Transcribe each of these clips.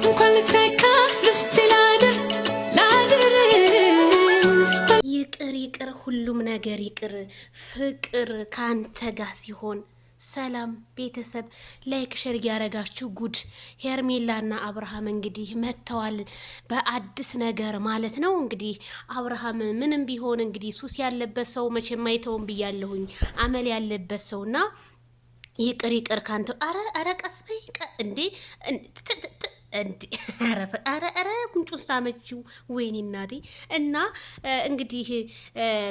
እንኳን ልተካ ደስቼ ላድር ላድር ይቅር ይቅር ሁሉም ነገር ይቅር ፍቅር ከአንተ ጋር ሲሆን ሰላም ቤተሰብ ላይክ ሸር ያረጋችሁ ጉድ ሄርሜላና አብርሃም እንግዲህ መጥተዋል በአዲስ ነገር ማለት ነው። እንግዲህ አብርሃም ምንም ቢሆን እንግዲህ ሱስ ያለበት ሰው መቼም አይተውም ብያለሁኝ። አመል ያለበት ሰውና ይቅር ይቅር ካንተው። አረ አረ ቀስ በይ እንዴ እንዲ ጉንጩ ሳመችው። ወይኔ እናቴ። እና እንግዲህ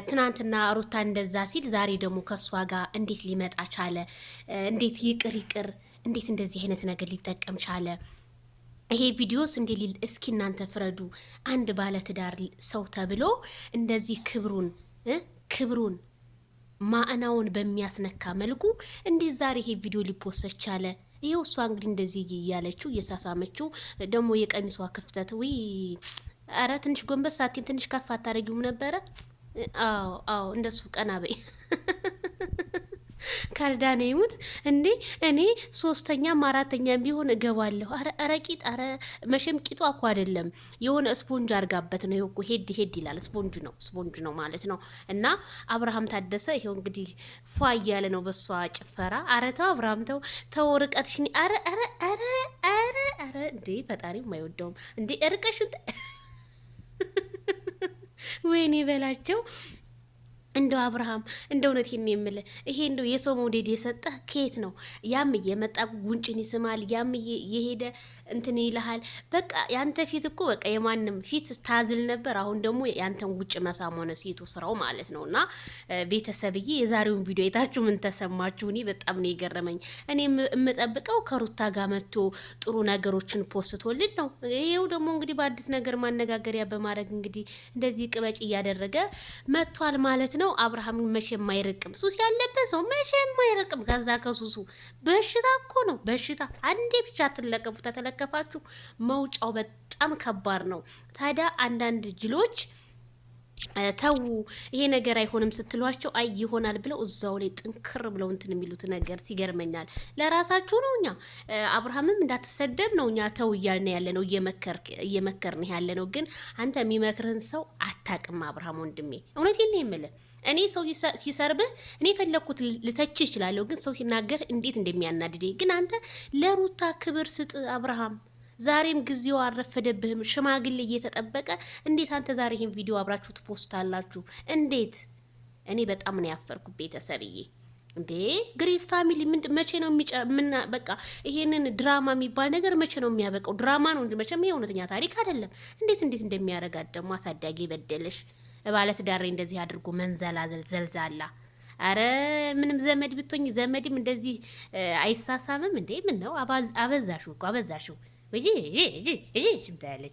ትናንትና ሩታ እንደዛ ሲል ዛሬ ደግሞ ከእሷ ጋር እንዴት ሊመጣ ቻለ? እንዴት ይቅር ይቅር፣ እንዴት እንደዚህ አይነት ነገር ሊጠቀም ቻለ? ይሄ ቪዲዮስ እንዴ ሊል እስኪ እናንተ ፍረዱ። አንድ ባለትዳር ሰው ተብሎ እንደዚህ ክብሩን ክብሩን ማዕናውን በሚያስነካ መልኩ እንዴት ዛሬ ይሄ ቪዲዮ ሊፖሰት ቻለ? ይኸው እሷ እንግዲህ እንደዚህ እያለችው እየሳሳመችው፣ ደግሞ የቀሚሷ ክፍተት ዊ አረ ትንሽ ጎንበስ ሳቲም ትንሽ ከፍ አታደረጊውም ነበረ? አዎ አዎ እንደሱ ቀና በይ። ካልዳነ ይሙት እንዴ! እኔ ሶስተኛም አራተኛም ቢሆን እገባለሁ። ኧረ ቂጥ ኧረ መቼም ቂጡ እኮ አይደለም የሆነ ስፖንጅ አርጋበት ነው ይኸው እኮ ሄድ ሄድ ይላል። ስፖንጅ ነው ስፖንጅ ነው ማለት ነው። እና አብርሃም ታደሰ ይሄው እንግዲህ ፏ እያለ ነው በሷ ጭፈራ። ኧረ ተው አብርሃም ተው ተው ርቀትሽን ኧረ ኧረ ኧረ ኧረ ኧረ እንዴ ፈጣሪ አይወደውም እንዴ እርቀሽን ወይኔ በላቸው። እንደው አብርሃም እንደ እውነት የምልህ ይሄ እንደው የሰው መውደድ የሰጠህ ከየት ነው? ያም እየመጣ ጉንጭን ይስማል፣ ያም እየሄደ እንትን ይልሃል። በቃ ያንተ ፊት እኮ በቃ የማንም ፊት ታዝል ነበር። አሁን ደግሞ ያንተን ጉጭ መሳም ሆነ ሴቱ ስራው ማለት ነው። እና ቤተሰብዬ የዛሬውን ቪዲዮ አይታችሁ ምን ተሰማችሁ? እኔ በጣም ነው የገረመኝ። እኔ የምጠብቀው ከሩታ ጋር መጥቶ ጥሩ ነገሮችን ፖስቶልን ነው። ይሄው ደግሞ እንግዲህ በአዲስ ነገር ማነጋገሪያ በማድረግ እንግዲህ እንደዚህ ቅበጭ እያደረገ መጥቷል ማለት ነው። ነው። አብርሃም መቼም አይርቅም፣ ሱስ ያለበት ሰው መቼም አይርቅም። ከዛ ከሱሱ በሽታ እኮ ነው በሽታ። አንዴ ብቻ ትለቀፉ ተተለከፋችሁ መውጫው በጣም ከባድ ነው። ታዲያ አንዳንድ ጅሎች ተዉ ይሄ ነገር አይሆንም ስትሏቸው አይ ይሆናል ብለው እዛው ላይ ጥንክር ብለው እንትን የሚሉት ነገር ሲገርመኛል። ለራሳችሁ ነው። እኛ አብርሃምም እንዳትሰደብ ነው እኛ ተው እያልን ያለ ነው እየመከርን ያለ ነው። ግን አንተ የሚመክርህን ሰው አታቅም አብርሃም ወንድሜ። እውነት ነው የምልህ። እኔ ሰው ሲሰርብህ እኔ የፈለግኩት ልተች እችላለሁ፣ ግን ሰው ሲናገር እንዴት እንደሚያናድደኝ ግን አንተ ለሩታ ክብር ስጥ አብርሃም። ዛሬም ጊዜው አረፈደብህም፣ ሽማግሌ እየተጠበቀ እንዴት አንተ ዛሬ ይህን ቪዲዮ አብራችሁ ትፖስታላችሁ? እንዴት እኔ በጣም ነው ያፈርኩት ቤተሰብዬ። እንዴ ግሬስ ፋሚሊ ምንድ መቼ ነው በቃ ይሄንን ድራማ የሚባል ነገር መቼ ነው የሚያበቃው? ድራማ ነው እንጂ መቼም ይሄ እውነተኛ ታሪክ አይደለም። እንዴት እንዴት እንደሚያረጋት ደግሞ አሳዳጊ በደለሽ ባለትዳሬ እንደዚህ አድርጎ መንዘላዘል ዘልዛላ። አረ ምንም ዘመድ ብትሆኝ ዘመድም እንደዚህ አይሳሳምም እንዴ! ምን ነው አበዛሹ እኮ አበዛሹ። እጂ እጂ እጂ እጂ